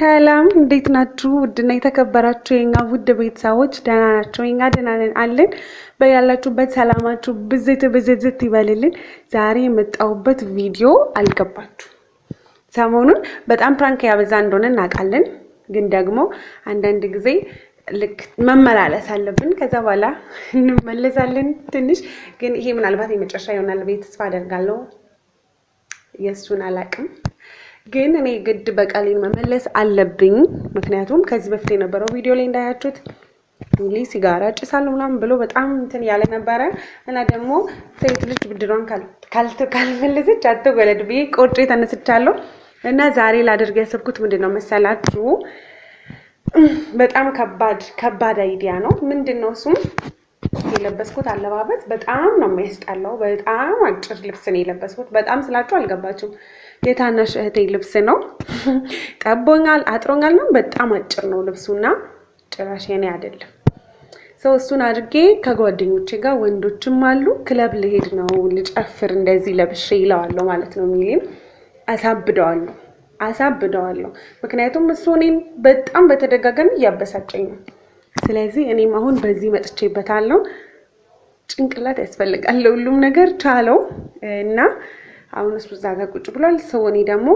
ሰላም እንዴት ናችሁ? ውድና የተከበራችሁ የኛ ውድ ቤተሰቦች ደህና ናቸው? የኛ ደህና ነን አለን። በያላችሁበት ሰላማችሁ ብዝት ብዝት ይበልልን። ዛሬ የመጣሁበት ቪዲዮ አልገባችሁ። ሰሞኑን በጣም ፕራንክ ያበዛ እንደሆነ እናውቃለን፣ ግን ደግሞ አንዳንድ ጊዜ ልክ መመላለስ አለብን። ከዛ በኋላ እንመለሳለን። ትንሽ ግን ይሄ ምናልባት የመጨረሻ ይሆናል ብዬ ተስፋ አደርጋለሁ። የእሱን አላቅም፣ ግን እኔ ግድ በቃሌን መመለስ አለብኝ። ምክንያቱም ከዚህ በፊት የነበረው ቪዲዮ ላይ እንዳያችሁት እንግዲህ ሲጋራ ጭሳለሁ ምናምን ብሎ በጣም እንትን ያለ ነበረ እና ደግሞ ሴት ልጅ ብድሯን ካልመለሰች አትወለድ ብዬ ቆጭ ተነስቻለሁ። እና ዛሬ ላደርግ ያሰብኩት ምንድን ነው መሰላችሁ በጣም ከባድ ከባድ አይዲያ ነው። ምንድን ነው እሱም የለበስኩት አለባበስ በጣም ነው የሚያስጠላው። በጣም አጭር ልብስ ነው የለበስኩት። በጣም ስላችሁ አልገባችሁም። የታናሽ እህቴ ልብስ ነው። ጠቦኛል፣ አጥሮኛል ነው። በጣም አጭር ነው ልብሱና ጭራሽ የኔ አይደለም። ሰው እሱን አድርጌ ከጓደኞቼ ጋር ወንዶችም አሉ ክለብ ልሄድ ነው ልጨፍር እንደዚህ ለብሼ ይለዋለሁ ማለት ነው። ሚሊም አሳብደዋለሁ አሳብደዋለሁ። ምክንያቱም እሱ እኔም በጣም በተደጋጋሚ እያበሳጨኝ ነው። ስለዚህ እኔም አሁን በዚህ መጥቼበታለሁ። ጭንቅላት ያስፈልጋል ለሁሉም ነገር ቻለው እና አሁን እሱ እዛ ጋር ቁጭ ብሏል። ሰው እኔ ደግሞ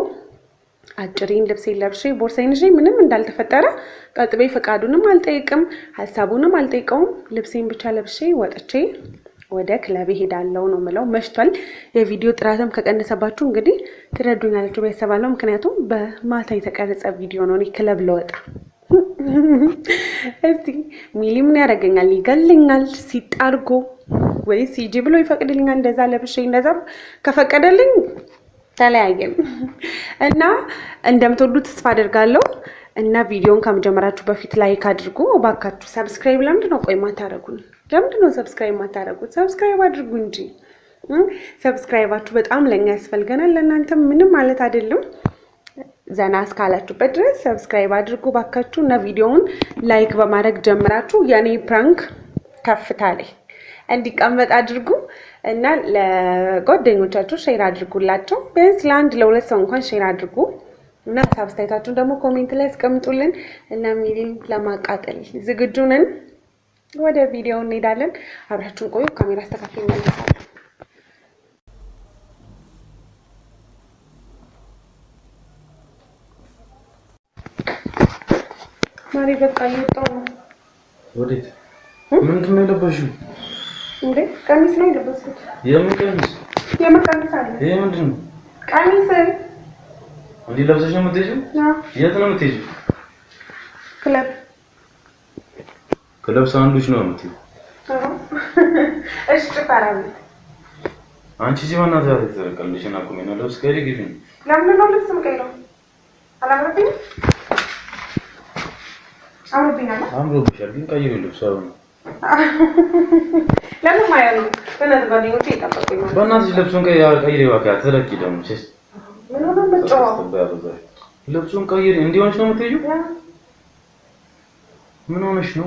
አጭሬን ልብሴን ለብሼ ቦርሳዬን ይዤ ምንም እንዳልተፈጠረ ቀጥቤ ፈቃዱንም አልጠይቅም፣ ሀሳቡንም አልጠይቀውም። ልብሴን ብቻ ለብሼ ወጥቼ ወደ ክለብ ሄዳለው ነው ምለው። መሽቷል። የቪዲዮ ጥራትም ከቀነሰባችሁ እንግዲህ ትረዱኛላችሁ ቤተሰባለው። ምክንያቱም በማታ የተቀረጸ ቪዲዮ ነው። እኔ ክለብ ለወጣ እስቲ ሚሊ ምን ያደርገኛል? ይገልኛል ሲጣርጎ ወይ ሲጂ ብሎ ይፈቅድልኛል? እንደዛ ለብሼ እንደዛ ከፈቀደልኝ ተለያየን እና እንደምትወዱ ተስፋ አደርጋለሁ። እና ቪዲዮን ከመጀመራችሁ በፊት ላይክ አድርጉ እባካችሁ። ሰብስክራይብ ለምንድን ነው ቆይ ማታረጉን? ለምንድን ነው ሰብስክራይብ የማታደርጉት? ሰብስክራይብ አድርጉ እንጂ ሰብስክራይባችሁ በጣም ለእኛ ያስፈልገናል። ለእናንተ ምንም ማለት አይደለም። ዘና እስካላችሁበት ድረስ ሰብስክራይብ አድርጉ ባካችሁ እና ቪዲዮውን ላይክ በማድረግ ጀምራችሁ የኔ ፕራንክ ከፍታ ላይ እንዲቀመጥ አድርጉ እና ለጓደኞቻችሁ ሼር አድርጉላቸው። ቢያንስ ለአንድ ለሁለት ሰው እንኳን ሼር አድርጉ እና አስተያየታችሁን ደግሞ ኮሜንት ላይ አስቀምጡልን እና ሚሊም ለማቃጠል ዝግጁ ነን። ወደ ቪዲዮ እንሄዳለን። አብራችሁን ቆዩ። ካሜራ አስተካክል ይመለሳለሁ። ማሪ በቃ እየወጣሁ ነው። ወዴት? ምንድን ነው የለበሽው? እንዴ ቀሚስ ነው የለበስኩት። የምን ቀሚስ? የምን ቀሚስ አለ? ይሄ ምንድን ነው? ቀሚስ እንዲህ ለብሰሽ ነው የምትሄጂው? የት ነው የምትሄጂው? ክለብ ክለብ ሳንዱች ነው የምትይው? እሺ ጭፈራ ቤት። አንቺ እዚህ በእናትህ አትዘለቀልሽና ቁሚ ነው ልብስ ቀይሪ ግቢ። ለምንድን ነው ልብስ የምቀይረው? አላምርብኝም? አምሮብኛል። አምሮብሻል፣ ግን ቀይሪ ልብስ አሁን ለምን ማያሉ በእናትህ ጓደኞቼ ይጠበቁኝ። በእናትሽ ልብሱን ቀይሪ እባክህ፣ አትዘለቂ ደግሞ ሴት ልብሱን ቀይር እንዲሆንሽ ነው የምትሄጂው? ምን ሆነሽ ነው?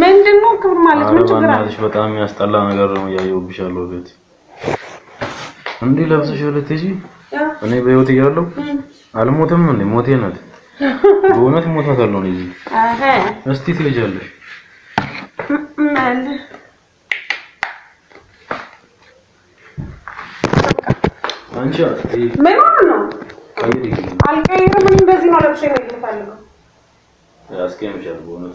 ምንድን ነው ክብር ማለት? ምን ችግር አለ? በጣም የሚያስጠላ ነገር ነው እያየሁብሽ ያለው ቤት እንዴ ለብሰሽ ልትጂ እኔ በህይወት እያለሁ አልሞትም እንዴ? ሞቴ ናት በእውነት ሞታታለሁ ነው እንጂ አሀ እስቲ ትሄጃለሽ አንቺ ምን ሆነ ነው አልቀይርም። እንደዚህ ነው ለብሼ ነው የምፈልገው። ያስቀምሻል በእውነት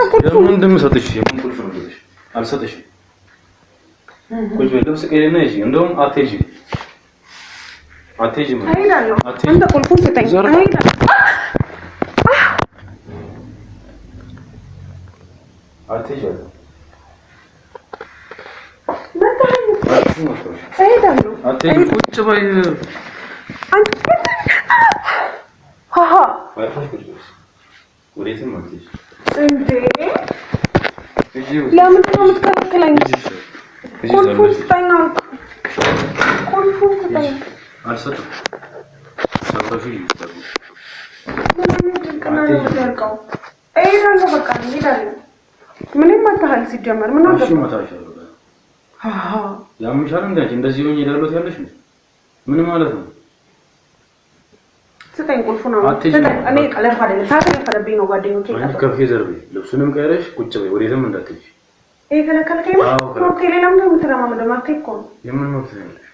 ቁጭ በይ ለምንድን ነው የምትከለክለኝ? ቁልፉን ስጠኝ። ቁልፉን ስጠኝ። ምንም አታህል ሲጀመር ምን ያምሻል? እንደዚህ ሆኜ እሄዳለሁ ያለሽ ምን ማለት ነው? ስጠኝ ቁልፉን። እኔ ቀለፍ አይደለም ሰዓት የፈረብኝ ነው። ጓደኞቼ ከፍ ዘርቤ ልብሱንም ቀይረሽ ቁጭ በይ፣ ወዴትም እንዳትሄጂ። ይሄ ከለከልከኝ ማለት ሌላ ምንድን ነው የምትለማመደው? እኮ ነው። የምን መብት ያለሽ?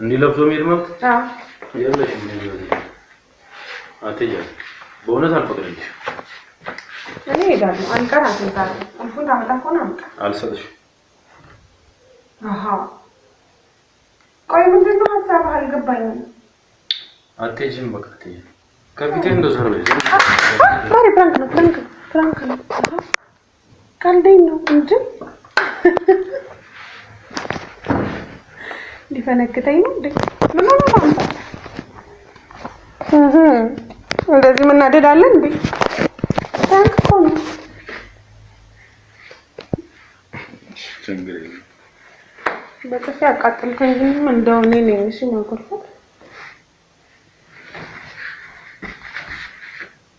እንዲህ ለብሶ መሄድ መብት የለሽም። አትሄጂም፣ በእውነት አልፈቅድልሽም። እኔ እሄዳለሁ። አንቀር አትይዛለ ቁልፉን ታመጣ ከሆነ አንቀር አልሰጥሽም። ቆይ ምንድን ነው ሀሳብህ አልገባኝም። አትሄጂም። በቃ አትሄጂም። ከፊቴ እንደዛ ነው። ማሪ ነው፣ ነው፣ ነው። ቀልደኝ ነው እንጂ ሊፈነክተኝ ነው እንዴ? ምን ነው ነው እህ እንደዚህ መናደድ እንዴ? ፕራንክ እኮ ነው። በጥፊ አቃጥልከኝ እንደው እኔ ነኝ እሺ ማኮርፈት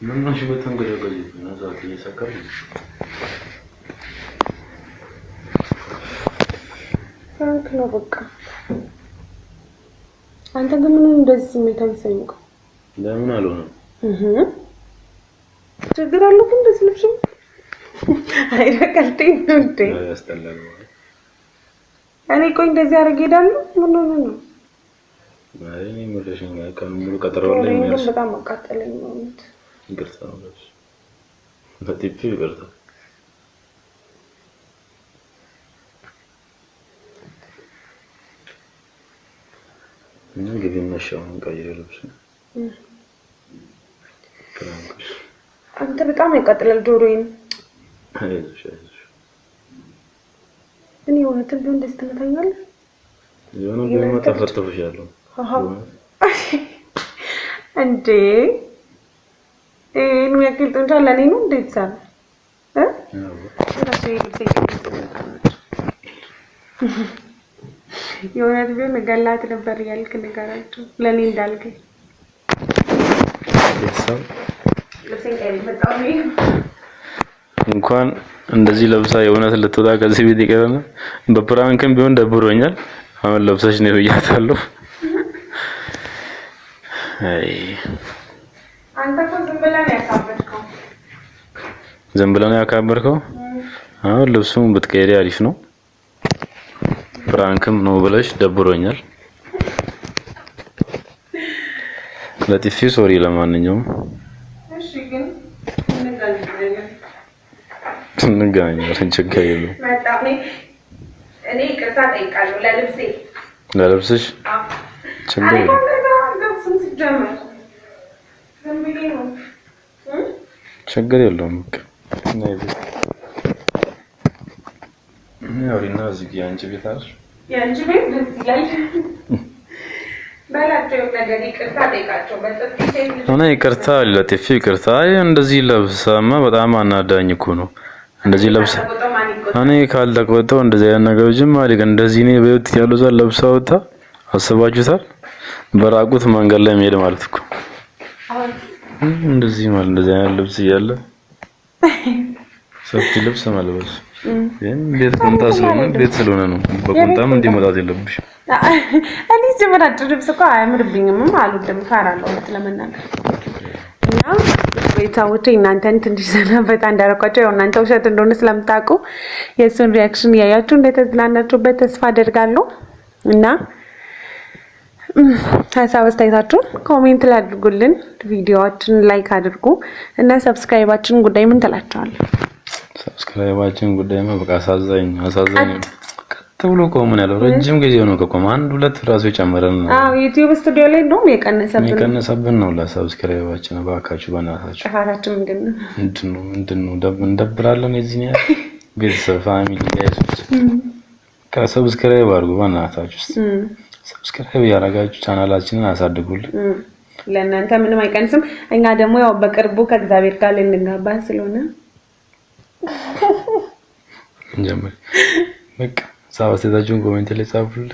ምናሽ በተንገለገለ ነዛት እየሰከረ ፍራንክ ነው በቃ። አንተ ግን ምን እንደዚህ ስሜት ሰኝቀው ለምን አልሆነም? ችግር አለው ግን እንደዚህ ልብሱ አይረቀልኝ ነው ያስጠላል። እኔ ቆይ እንደዚህ አደርግ ሄዳለሁ። ምን ሆነ ነው? አይ እኔ ምርሽኛ ቀን ሙሉ ቀጠሮ ላይ በጣም አቃጠለኝ ነው ይቅርታ ነው ለሱ በጥፊ ይቅርታ እና ግቢ መሻውን ቀይረ ልብስ አንተ በጣም ያቃጥላል ጆሮዬን። እኔ እውነትም ቢሆን ደስ ትመታኛለህ። የሆነ ቢሆን መጣ ፈተፉሻለሁ እንዴ ይህን ያክል ጡንቻ ለእኔ ነው እንዴት ይሳል የእውነት ቢሆን ገላት ነበር እያልክ ንገራቸው ለእኔ እንዳልከኝ እንኳን እንደዚህ ለብሳ የእውነት ልትወጣ ከዚህ ቤት ይቀርና በፕራንክም ቢሆን ደብሮኛል። አሁን ለብሰሽ ነው ብያታለሁ። አይ አንተ ዝም ብለህ ነው ያካበድከው። አሁን ልብሱን ብትቀይሪ አሪፍ ነው። ፍራንክም ነው ብለሽ ደብሮኛል። ለጥፊ ሶሪ። ለማንኛውም እሺ፣ ግን እንገናኛለን። ችግር የለውም። ለልብስሽ ችግር የለውም። ችግር የለውም። በቃ ያውሪና እዚህ ጋር ቤት አለሽ። የአንቺ ቤት እዚህ ላይ በላቸው ነገር ይቅርታ ጠይቃቸው። እኔ ይቅርታ ለጥፊ ይቅርታ። እንደዚህ ለብሳማ በጣም አናዳኝ እኮ ነው። እንደዚህ ለብሳ እኔ ካልተቆጠው እንደዚህ አይነት ነገር ነገሮችም አልክ። እንደዚህ እኔ በህይወት ያሉት ለብሳ ወጣ። አስባችሁታል? በራቁት መንገድ ላይ መሄድ ማለት እኮ እንደዚህ ማለት እንደዚህ አይነት ልብስ እያለ ሰፊ ልብስ መልበስ ግን ቤት ቁምጣ ስለሆነ ቤት ስለሆነ ነው። በቁምጣም እንዲህ መውጣት የለብሽ። እኔ ጀመር አጭር ልብስ እኮ አያምርብኝም አልወድም፣ እፈራለሁ እውነት ለመናገር እና ቤተሰቦቼ እናንተን ትንሽ ሰናበታ እንዳረኳቸው ያው እናንተ ውሸት እንደሆነ ስለምታውቁ የእሱን ሪያክሽን እያያችሁ እንደተዝናናችሁበት ተስፋ አደርጋለሁ እና ሀሳብ አስተያየታችሁን ኮሜንት ላይ አድርጉልን። ቪዲዮዎችን ላይክ አድርጉ እና ሰብስክራይባችን ጉዳይ ምን ትላቸዋል? ሰብስክራይባችን ጉዳይ በቃ አሳዛኝ አሳዛኝ ቀጥ ብሎ ቆምን ያለው ረጅም ጊዜ ሆኖ ከቆመ አንድ ሁለት ራሱ የጨመረን ነው። አዎ ዩቲዩብ ስቱዲዮ ላይ እንደውም የቀነሰብን የቀነሰብን ነው። ለሰብስክራይባችን እባካችሁ በእናታችሁ ጥፋታችን ምንድን ነው ምንድን ነው እንደብራለን። የዚህ ያ ቤተሰብ ፋሚሊ ጋይሶች ከሰብስክራይብ አድርጉ በእናታችሁ። ሰብስክራይብ ያደረጋችሁ ቻናላችንን አሳድጉልን። ለእናንተ ምንም አይቀንስም። እኛ ደግሞ ያው በቅርቡ ከእግዚአብሔር ጋር ልንጋባ ስለሆነ እንጀምር። በቃ ሳባሴታችሁን ኮሜንት ላይ ጻፉልን።